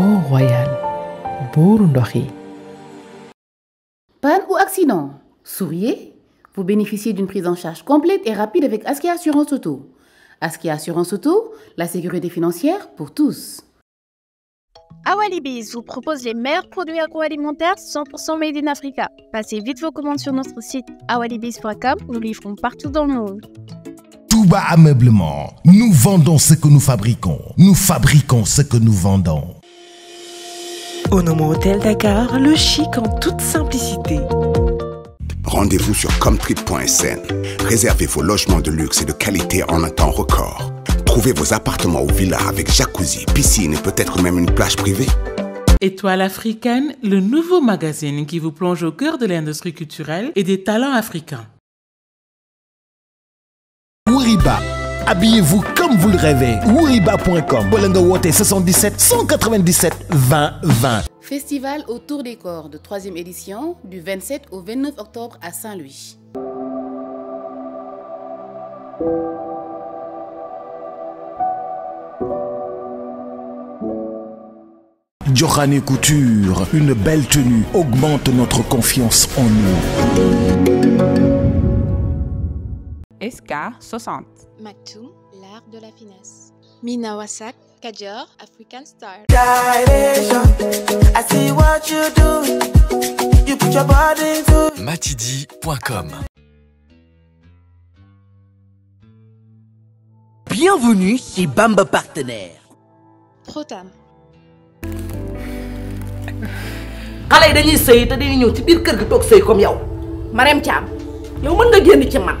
royal pour ou accident souriez vous bénéficiez d'une prise en charge complète et rapide avec Aski Assurance Auto Aski Assurance Auto la sécurité financière pour tous Awalibis ah vous propose les meilleurs produits agroalimentaires 100% made in Africa. Passez vite vos commandes sur notre site awalibis.com, nous livrons partout dans le monde. bas Ameublement, nous vendons ce que nous fabriquons, nous fabriquons ce que nous vendons. Onomo Hôtel Dakar, le chic en toute simplicité. Rendez-vous sur comtrip.sn. Réservez vos logements de luxe et de qualité en un temps record. Trouvez vos appartements ou villas avec jacuzzi, piscine et peut-être même une plage privée. Étoile africaine, le nouveau magazine qui vous plonge au cœur de l'industrie culturelle et des talents africains. Habillez-vous comme vous le rêvez. Wuriba.com. Water 77 197 20 20. Festival autour des cordes, troisième édition, du 27 au 29 octobre à Saint-Louis. et Couture, une belle tenue augmente notre confiance en nous. SK60. Maktoum, l'art de la finesse. Mina Wasak, Kajor, African Star. Matidi.com Bienvenue chez Bamba Partenaire. Protam. xale yi dañuy sëy te dañuy ñëw ci biir kër gi toog sëy comme yow. Marème Thiam yow mën nga génn ci man.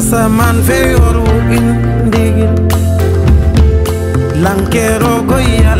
Kasa man fe yoru indi Lankero goyal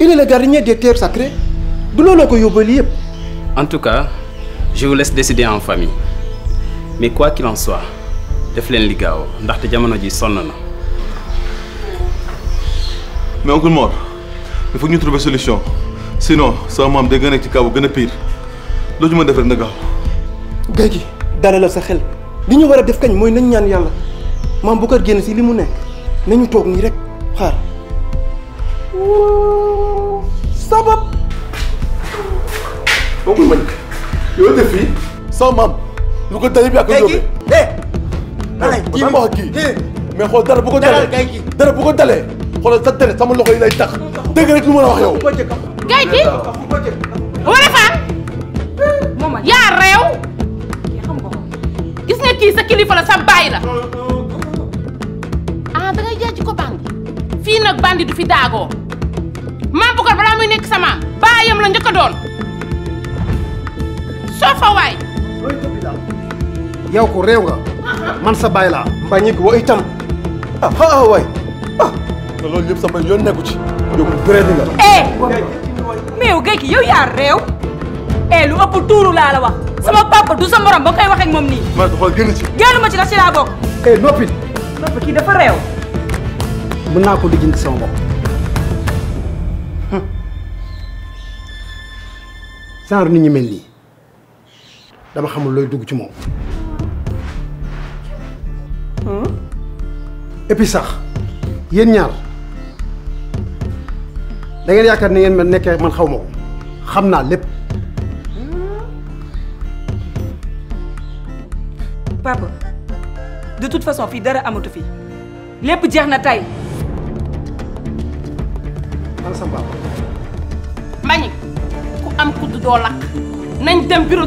il est le gardien des terres sacrées du looloo ko yóbbali yëpp. en tout cas je vous laisse décider en famille mais quoi qu'il en soit def leen li gaaw ndaxte jamono ji sonn na. mais oncle Mor il faut nous trouver solution sinon sama maam day gën a nekk ci kaw bu pire loo ci mën def rek na gaaw. géej gi dalalal sa xel li ñu war a def kañ mooy nañ ñaan yàlla maam bu ko génn si li mu nañu toog nii rek xaar. Stop! ko eh ma eh. mais xool dara bu ko dalee dara bu ko sa sama lay rek wax yow nga sa kilifa la sa ah da ngay ko bandi du fi Boucar balaa muy sama, sa maam baayam la njëkk a doon soo fa yow ko rew nga. man sa baay laa. mbañik wa itam ah, ha ha way ah te loolu sama yon nekku ci yow mu bëreet nga. eh yow géej yow ya rew eh lu ëpp touru la la wax. sama papa du sa morom ba koy waxee ak moom nii. ma xol gën ci. génn ma ci la ci la bok eh nopi, nopi ki dafa rew mën na ko lijjanti sama bok genre nit ñi mel nii dama xamul looy dugg ci moom. Hmm? et sax yéen ñaar da yaakaar na ngeen ma nekkee man xaw ma ko xam naa lépp. papa de toute façon fii dara amatu fi lépp jeex na tey. man sa papa. Mbagnick. am kudd doo lakk nañ dem bureau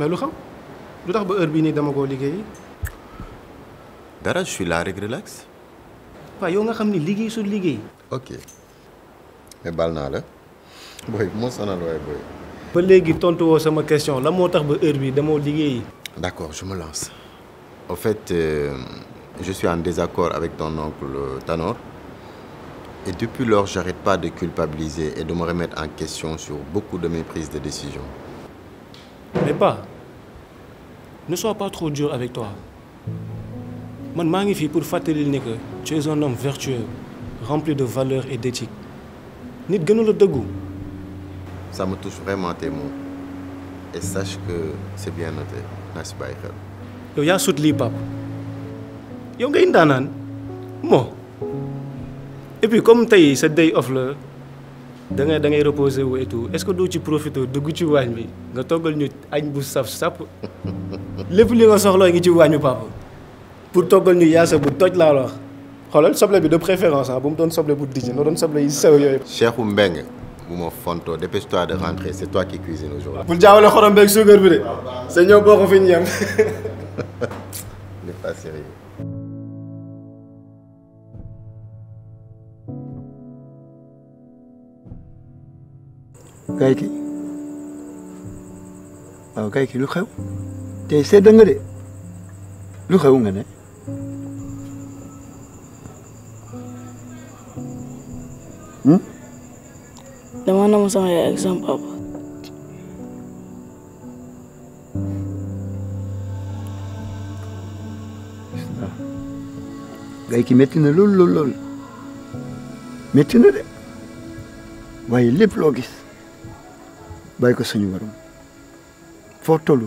mais lu xam ba heure bii nii dama koo je suis là rek relax. waaw yow nga xam ni liggéey sur travail. ok mais baal naa la booy bu ma sonal waaye booy. ba léegi sama question la moo tax ba heure bii damoo liggéey. d' D'accord, je me lance. au fait euh, je suis en désaccord avec ton oncle euh, Tanor et depuis lors j'arrête pas de culpabiliser et de me remettre en question sur beaucoup de mes prises de décision. mais pas ne sois pas trop dur avec toi man suis ngi pour ne que tu es un homme vertueux rempli de valeurs et d'éthique nit le la goût. ça me touche vraiment tes mots et sache que c'est bien noté Merci beaucoup. Yo ya yow tout pap Yo nga indanan. Mo. et puis comme tay ce day off la da ngay da ngay reposer wu et tout est-ce que doo ci profiter gu ci waañ bi nga togal ñu agn bu saf-sap. lépp li nga ngi ci papa pour toggal ñu yaasa bu toj la wax xoolal bi de préférence ah, bu mu doon yi Mbengue dépêche-toi de rentrer c'est toi qui cuisine aujourd'hui. bul bi de n'est pas sérieux. Kayki Kayki te sedd nga de lu xew nga ne hmm? dama na mu sama yaay ak sama papa gay ki métti na lool lool lool métti de waaye lépp loo gis bàyyi ko suñu warum foo tollu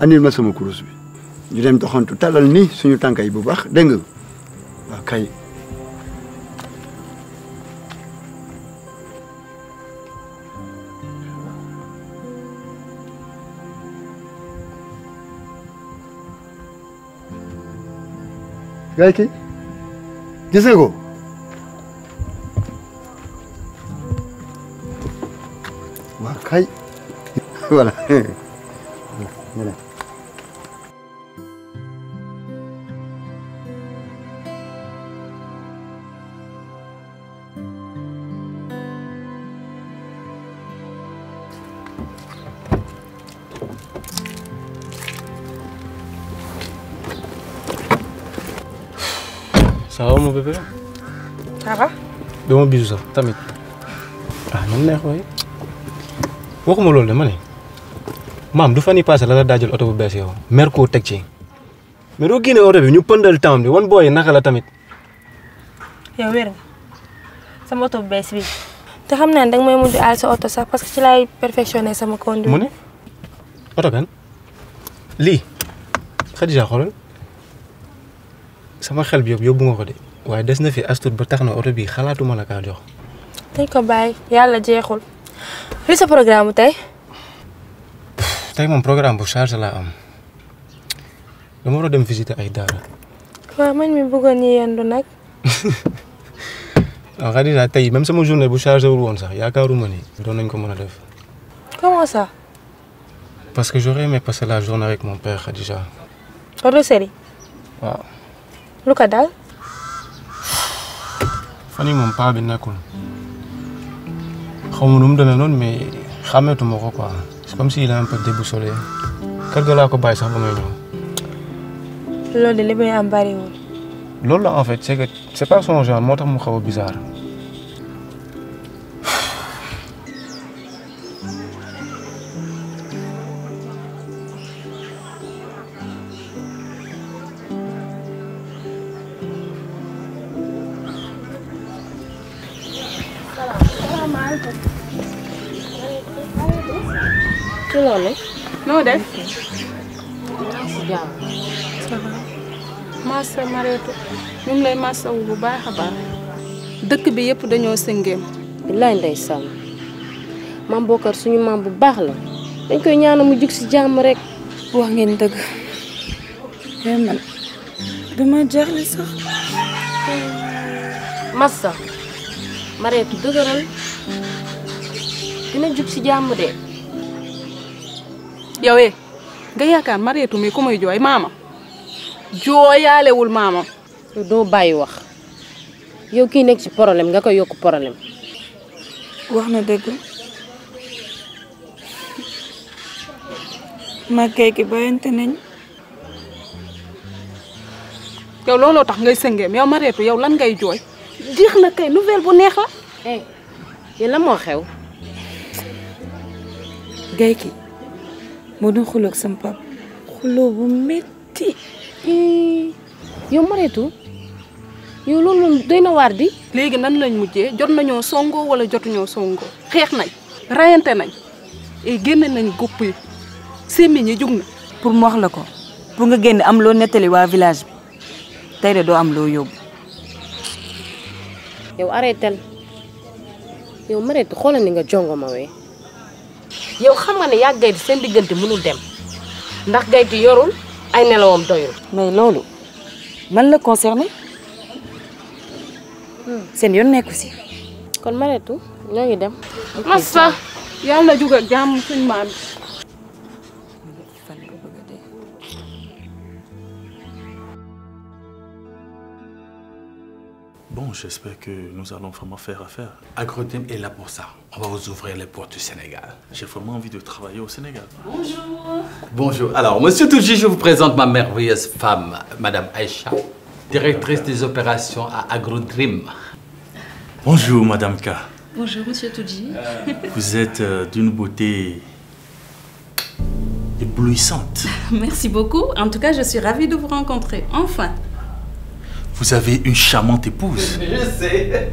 Anil ma sama kurus bi ñu dem doxantu talal ni suñu Tu bu baax dégg nga waaw kay gaay ki gisee ko waa kay voilà ma bisu sax tamit ah non neex way waxuma mo dama ne mam du fani yi passé la la daajal oto bu bess yow mer ko tek ci mais doo génne auto bi ñu pendal tam bi wan boy naka tamit yow wer nga sama oto bi te xamna naa ne danga may mujj aal sa auto sax parce que ci lay perfectionner sama conduite mune auto ben kan? li Khadija xolal sama xel bi yob yóbbu de waaye des na fi astur ba tax na bi xalaatuma la kaa jox. dañ ko bàyyi yàlla jeexul li sa programme tey. tey mon programme bu là. laa am dama war dem visiter ay daara. waaw man mi bëggoon ñu yendu nag. waaw tey même sama journée bu chargé wul woon sax yaakaaruma ni doon nañ ko mën def. comment ça. parce que j'aurais aimé passer la journée avec mon père déjà. le Seri. waaw. lu ko dal. On est moom paa bi nekkul xaw ma nu mu mais xamétou mako quoi c'est comme s'il est un peu déboussolé kër ga ko bay sax ba may ñëw. li bay am bari wol la en fait c'est que c'est pas son genre motax mu xaw bizarre. ñu ngi lay masawu bu baax a baax dëkk bi yëpp dañoo sëngeem billaay ndeysaan maam Bokar suñu maam bu baax la dañ koy ñaanal mu jug si jàmm rek wax ngeen dëgg mais eh, man dama jaaxle sax massa mareetu dëgëral dina jug si de eh, nga yaakaar mi ku jooy jooyaalewul maamam doo bàyyi wax yow kii nekk ci problème nga koy yokk problème. wax na dëgg ma kay ki bayante nañ. yow looloo tax ngay sëngeem yow Marietou yow lan ngay jooy. jeex na kay nouvelle bu neex la. eh yéen la moo xew. gay moo doon xuloo ak sama bu metti yow Marietou yow loolu moom doy na waar di. léegi nan lañ mujjee jot nañoo songoo wala jotuñoo songoo xeex nañ rayante nañ et eh, génne nañ gopp yi sémmiñ yi jug pour mu wax la ko pour nga génn am loo nettali village bi tey doo am loo yóbbu. yow arrêtel yow Marietou xoolal ni nga jongo ma yow xam nga ne yàgg gaytu seen diggante mënul dem ndax gaytu yorul ay nelawam doyul. mais loolu man la concerné. dem. Massa Bon, j'espère que nous allons vraiment faire affaire. Agrotem est là pour ça. On va vous ouvrir les portes du Sénégal. J'ai vraiment envie de travailler au Sénégal. Bonjour. Bonjour. Alors, monsieur Touji, je vous présente ma merveilleuse femme, Madame Aïcha directrice des opérations à AgroDream. Bonjour, Madame K. Bonjour, Monsieur Toudji. Euh, vous êtes euh, d'une beauté éblouissante. Merci beaucoup. En tout cas, je suis ravie de vous rencontrer. Enfin. Vous avez une charmante épouse. Je sais.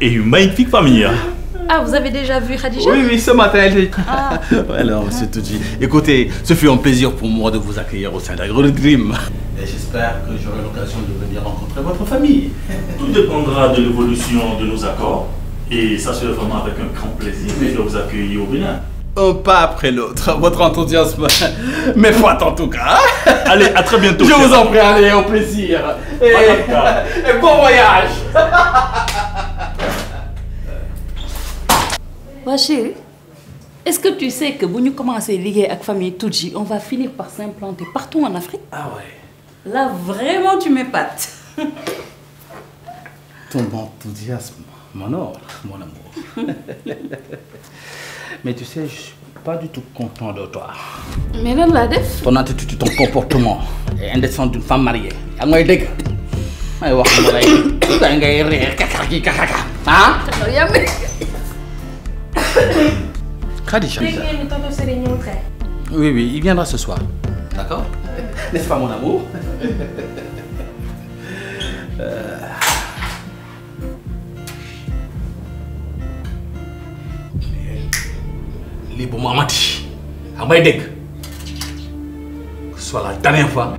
Et une magnifique famille. Hein. Ah, vous avez déjà vu Khadija Oui, oui, ce matin, elle est... Ah. Alors, monsieur Toudji, écoutez, ce fut un plaisir pour moi de vous accueillir au sein Grim. Et j'espère que j'aurai l'occasion de venir rencontrer votre famille. Tout dépendra de l'évolution de nos accords. Et ça sera vraiment avec un grand plaisir que je vous accueillir au Bénin. Un pas après l'autre. Votre enthousiasme Mais fautes en tout cas. Allez, à très bientôt. Je vous en prie, allez, au plaisir. et bon voyage. waa est-ce que tu sais que commençons à lier avec la famille Tudji on va finir par s'implanter partout en Afrique. ah ouais. là vraiment tu m'épates. ton enthousiasme m'honore mon amour mais tu sais je suis pas du tout content de toi. mais non la def. ton attitude ton comportement est indécent d'une femme mariée. tu ngi may dégg may wax ma lay ngay kaka ah. Que se passe t-il là..? On est en train de se réunir..? Oui.. Oui.. Il viendra ce soir..! D'accord..? N'est ce pas mon amour..? Les n'est pas ce que je voulais dire..! Tu m'entends..? C'est la dernière fois..!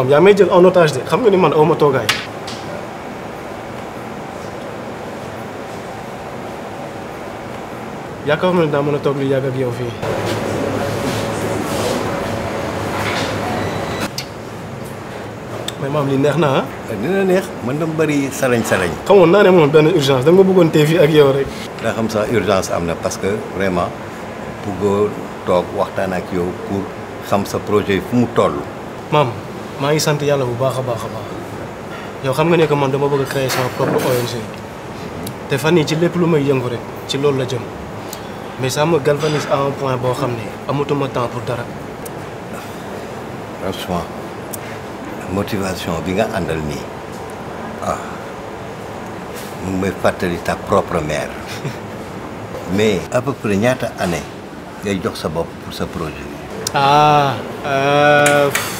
maam yaa may jël en otage de xam ni man awma toogaay yaakaar ma ne daa mën a toog lu yàgg ak yow fii mais maam li neex na ah dina eh, neex man dama bari salañ-salañ xamoon naa ne moom benn urgence dama bëggoon tey fii ak yow rek daa xam sax urgence am na parce que vraiment bëggoo toog waxtaan ak yow pour xam sa projet fu mu toll maam maa ngi sant yàlla ya bu baax a baax a baax yow xam nga ne kan que man dama bëgg a créer sama propre ONG te fan yii ci lépp lu may yëngu rek ci loolu la jëm mais ça me galvanise à un point boo xam ne amatuma temps pour dara. franchement motivation bi nga àndal nii ah mu ngi may fàttali ta propre mère mais à peu près ñaata année ngay jox sa bopp pour sa projet. ah. Euh...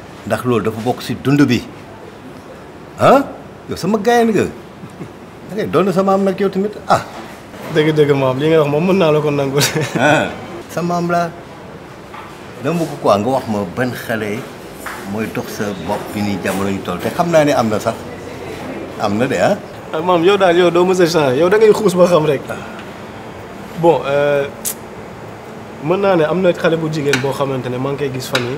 ndax loolu dafa bokk si dund bi ah yow sama gayan nga da ngay doon sama am nag yow tamit ah. dëgg-dëgg maam li nga wax moom mën naa la ko nangul. sa am laa dama bëgg quoi nga wax ma ban xale mooy dox sa bopp bi ni jamono ñu toll te xam naa ni am na sax am na de ah. maam yow daal yow doo mës a changé yow dangay ngay xuus ba xam rek ah. bon euh, mën naa ne am na xale bu jigéen boo xamante ne maa ngi koy gis fan yi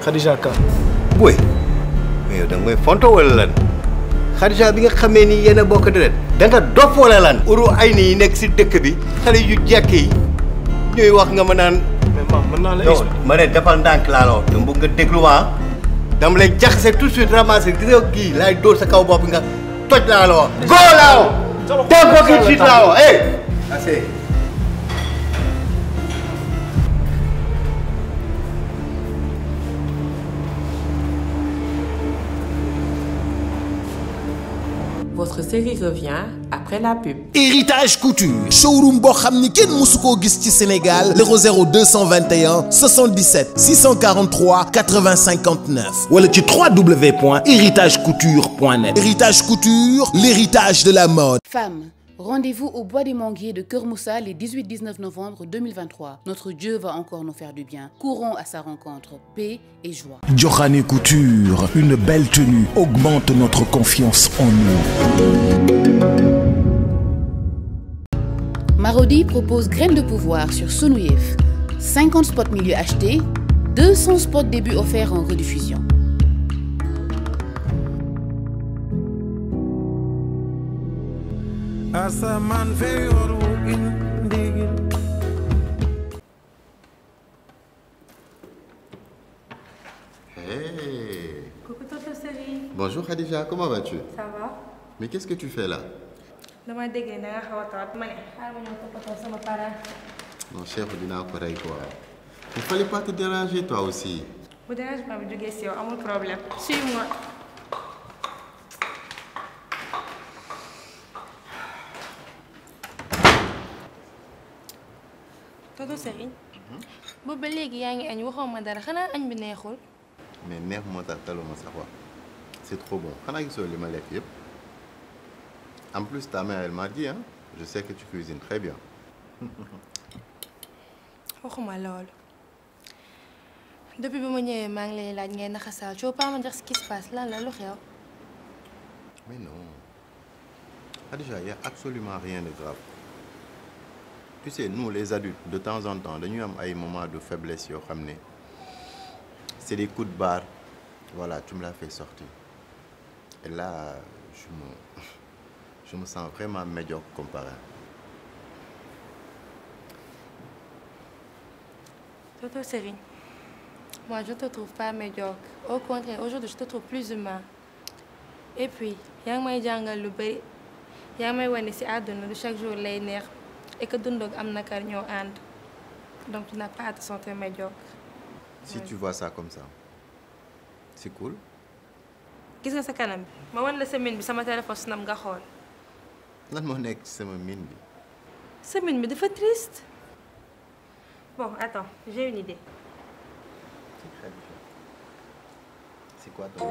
Khadija Ka. booy mais yow da nga may fonto lan Khadija bi nga xamee ni yéen a bokk deret da nga dof wala lan. uru ay ni yi nekk si dëkk bi xale yu jekk yi wax nga ma naan. mais maam mën naa la ma ne defal ndànk laa la wax te bëgg nga déglu ma dama lay jaxase tout de suite ramasser gis nga kii dóor sa kaw bopp nga toj laa la wax. góor laa woo. teel ko Votre série revient après la pub. Héritage Couture showroom Bo Ken ni Gisti Sénégal 00221 77 643 80 59 le www.héritagecouture.net Héritage Couture l'héritage de la mode. Femme. Rendez-vous au Bois des Manguiers de Kermoussa les 18-19 novembre 2023. Notre Dieu va encore nous faire du bien. Courons à sa rencontre, paix et joie. Johanné Couture, une belle tenue augmente notre confiance en nous. Marodi propose Graines de pouvoir sur Sonouyef. 50 spots milieu achetés, 200 spots débuts offerts en rediffusion. asamaan fee yor in ndigil hey coucou Toto Série bonjour Khadija comment vas-tu ça va mais qu'est-ce que tu fais là dama déggee na nga xaw a tawat ma ne xaaral ma ñëw toppatoo sama parent non chef dinaa ko rey quoi il fallait pas te déranger toi aussi bu dérangement bi jógee si yow amul problème suis-moi mais c'est trop bon en plus ta mère elle m'a dit hein, je sais que tu cuisines très bien. depuis que je tu pas me dire ce qui se passe là, mais non ah, il n'y a absolument rien de grave tu sais nous les adultes de temps en temps nous am des moments de faiblesse c'est des coups de barre voilà tu me l'as fait sortir et là je me je me sens vraiment médiocre comparé. Toto Serine, moi je te trouve pas médiocre. Au contraire, aujourd'hui je te trouve plus humain. Et puis, yaa chaque jour lay et que dund ak am nakar ñoo donc tu n'as pas à te sentir médiocre. si tu vois ça comme ça c'est cool. quest que que kanam bi ma wan la laisser mine bi sama téléphone sunam nga xool. lan moo nekk sama mine bi. sa mais tu dafa triste. bon attends j'ai une idée. c'est quoi ton.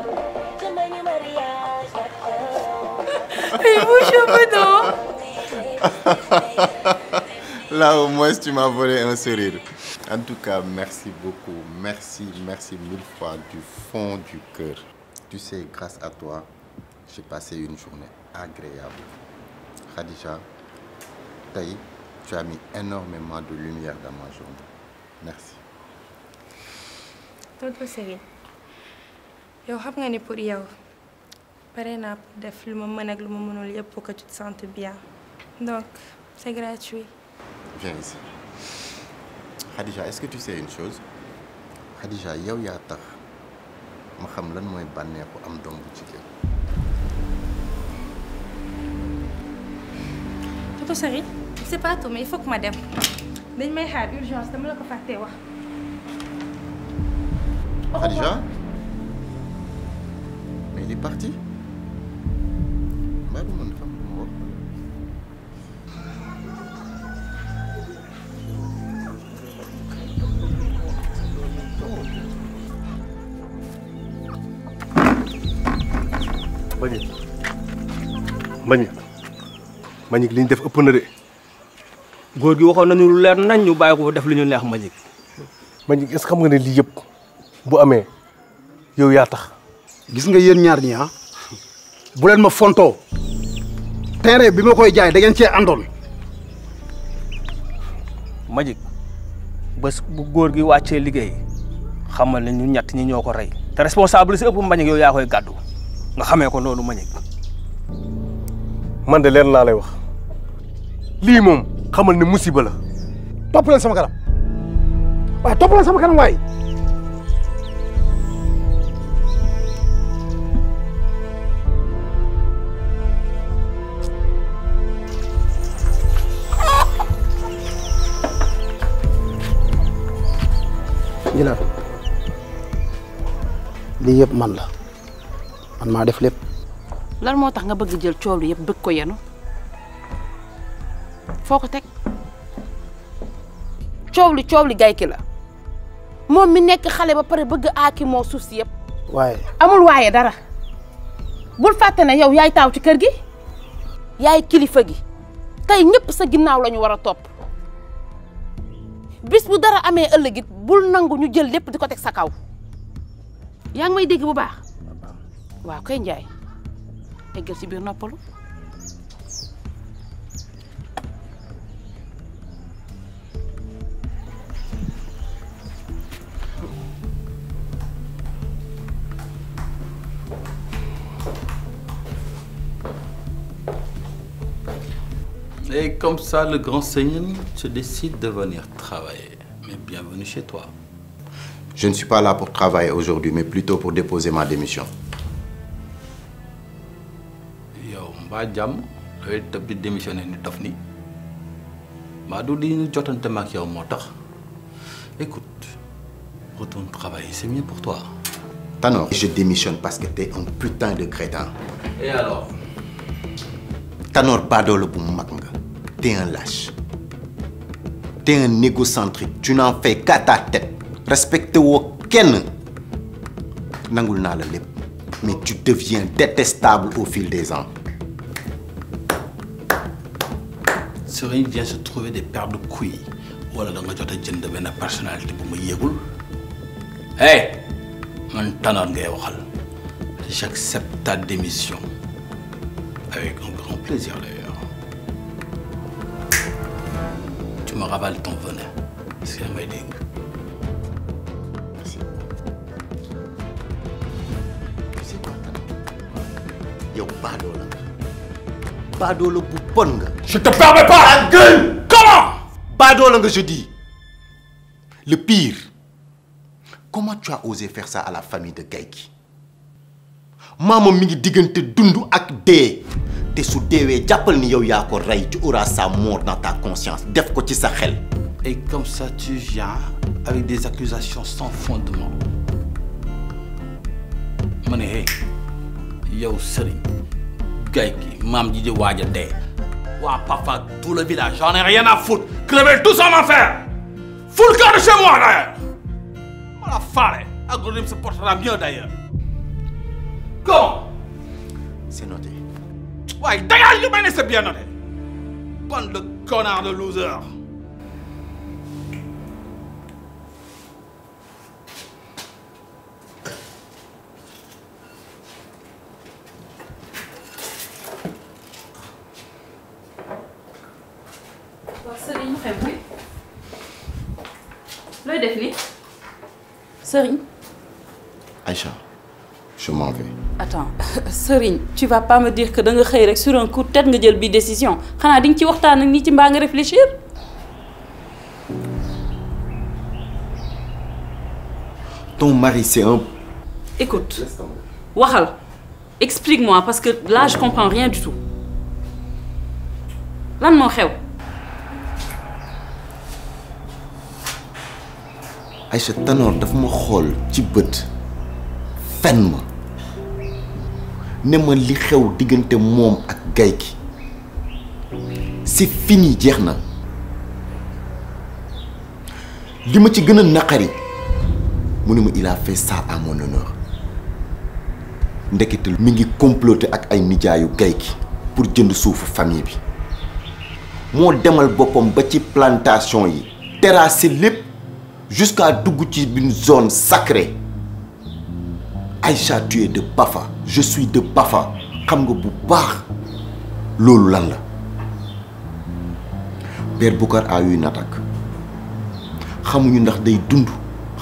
un peu non..? Là, au moins, tu m'as volé un sourire. En tout cas, merci beaucoup. Merci, merci mille fois du fond du cœur. Tu sais, grâce à toi, j'ai passé une journée agréable. Khadija, Taï, tu as mis énormément de lumière dans ma journée. Merci. Tonton que pour je suis prête à faire ma mën pour que tu te sentes bien donc c'est gratuit. viens ici Khadija est-ce que tu sais une chose Khadija yow Je tax que je lan mooy bànneexu am doom Tu jigéen. Toto Sary c'est pas tout mais il faut que ma dem dañ may xaar urgence dama que je fàttee wax. Khadija mais il est parti. mbaa du man xam ma wax Mbagnick Mbagnick Mbagnick li ñu def ëpp na de góor gi waxoon nañu lu leer nañ ñu def li ñu est-ce xam nga yëpp bu amee yow yaa tax gis nga ñaar ñi bu len ma fonto terre bi ma koy jaay da ngeen ci Majik Bes bu góor gi wacce liggéey xamal ni ñu ñatt ñi ñoko ray rey te responsable ci ëpp Mbagnick yow ya koy gaddu nga xamee ko loolu majik man de len lay wax li mom xamal ni musiba la. top len sama kanam wa top len sama kanam way. yépp man la man maa def lépp. lan moo tax nga bëgg jël coow yëpp bëgg ko yenu foo ko teg coow li coow li gay ki la moom mi nekk xale ba pare bëgg aaki moo suuf si yëpp. waaye amul waaye dara bul fàtte ne yow yaay taaw ci kër gi yaay kilifa gi tey ñëpp sa ginnaaw lañu war a topp bis bu dara amee ëllëgit bul nangu ñu jël lépp di ko teg sa kaw. yaa ngi may dégg bu baax ah, waaw kay njaay eggal biir noppalu Et comme ça, le grand Seigneur se décide de venir travailler. Mais bienvenue chez toi. Je ne suis pas là pour travailler aujourd'hui, mais plutôt pour déposer ma démission. écoute retourne travailler c'est mieux pour toi. Tanor je démissionne parce que tu es un putain de crétin. et alors. Tanor baadoolo bu mag nga. t'es un lâche. Tu es un égocentrique. tu n'en fais qu'à ta tête. Respecter aucun nangul mais tu deviens détestable au fil des ans. Serine vient se trouver des paires de couilles wala donc tu as a une personnalité pour me hey maintenant, Tanor ngay j'accepte ta démission avec un grand plaisir d'ailleurs tu me ravales ton venin C'est que damay baadoo la je te permets pas. la gueule. comment. baadoo que je dis le pire comment tu as osé faire ça à la famille de Gaïki maamam mi ngi Dundu ak dé. T'es sous deewee jàppal ni yow yaa ko rey tu auras sa mort dans ta conscience def ko ci sa xel. et comme ça tu viens avec des accusations sans fondement ma hey yow sëriñ gay ki maam ji di waaj a tout le village j'en ai rien à foutre crevez tous en enfer fous le camp de chez moi d'ailleurs ma la faale Agrorim se portera mieux d'ailleurs comment c'est noté Ouais, dégage lu mel c'est bien noté bande de connard de loser Serigne tu vas pas me dire que da nga xëy rek sur un coup de tête nga jël bi décision xanaa di nga ci waxtaan ak nit ci réfléchir. ton mari c'est un. écoute waxal explique-moi parce que là je comprends rien du tout lan mon xew. Aïcha Tanor dafa ma xool ci bët fenn ma ne li xew c'est fini Dierna. ci gëna a il a fait ça à mon honneur ndekete mi ngi comploter ak ay nijaayu pour jënd famille bi mo demal ba plantation yi jusqu'à dugg une zone sacrée Aïcha tu es de Bafa je suis de Bafa xam nga bu baax Père a eu une attaque xamuñu ndax day dund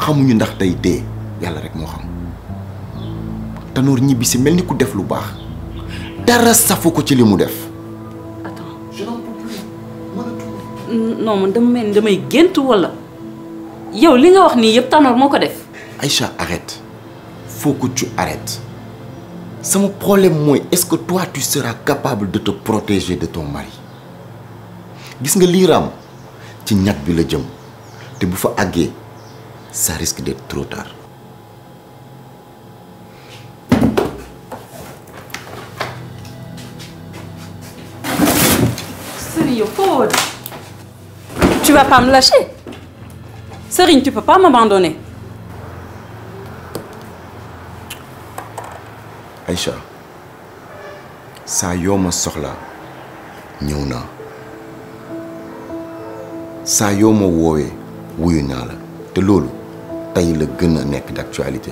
xamuñu ndax attaque. dee yàlla rek une xam Tanor a safu ko ci non man dama attaque. pas damay eu wala attaque. li nga wax une attaque. Tanor def. Aïcha arrête faut que tu arrêtes. Mon problème est-ce que toi tu seras capable de te protéger de ton mari Tu nga un tu ci ñat bi la jëm ça risque d'être trop tard tu vas pas me lâcher Série tu peux pas m'abandonner Aïcha saa yoo ma soxlaa ñëw naa saa yoo ma woowee wuyu naa la te loolu tey la gën a nekk d'actualité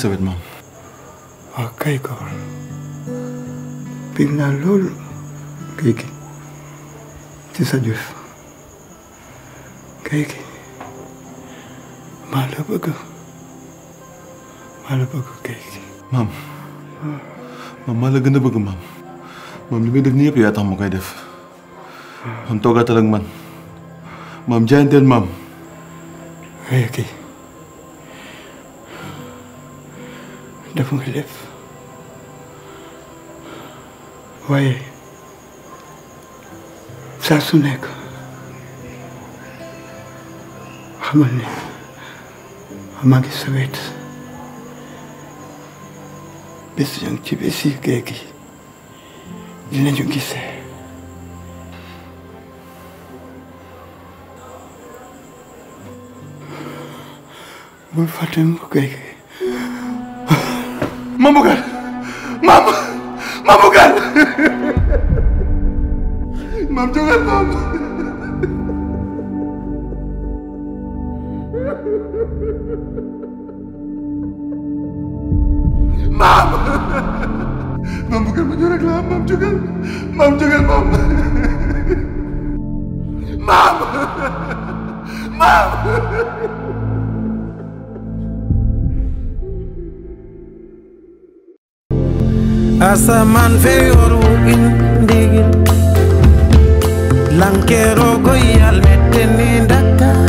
Elisabeth, ma. Akai kawal. Big na lolo. Kiki. Tisa juf. Kiki. Malabago. kiki. Mam. Mam malaganda bago mam. Mam lebih def niya priyata mo kay def. Mam toga talang man. Mam jayan din mam. Kiki. okay. def nga lépp waaye saa su nekk xamal ne maa ngi sa wet bés yaa ngi ci bési géej gi dinañu gisee bul fàtte mu géej gi Mabukan. Mam. Mabukan. Mam jangan mam. Mam. Mam bukan menyorek lah, mam juga. Mam jangan mam. Mam. Mam. As a man wu indi lankeeroo goy yal metti ni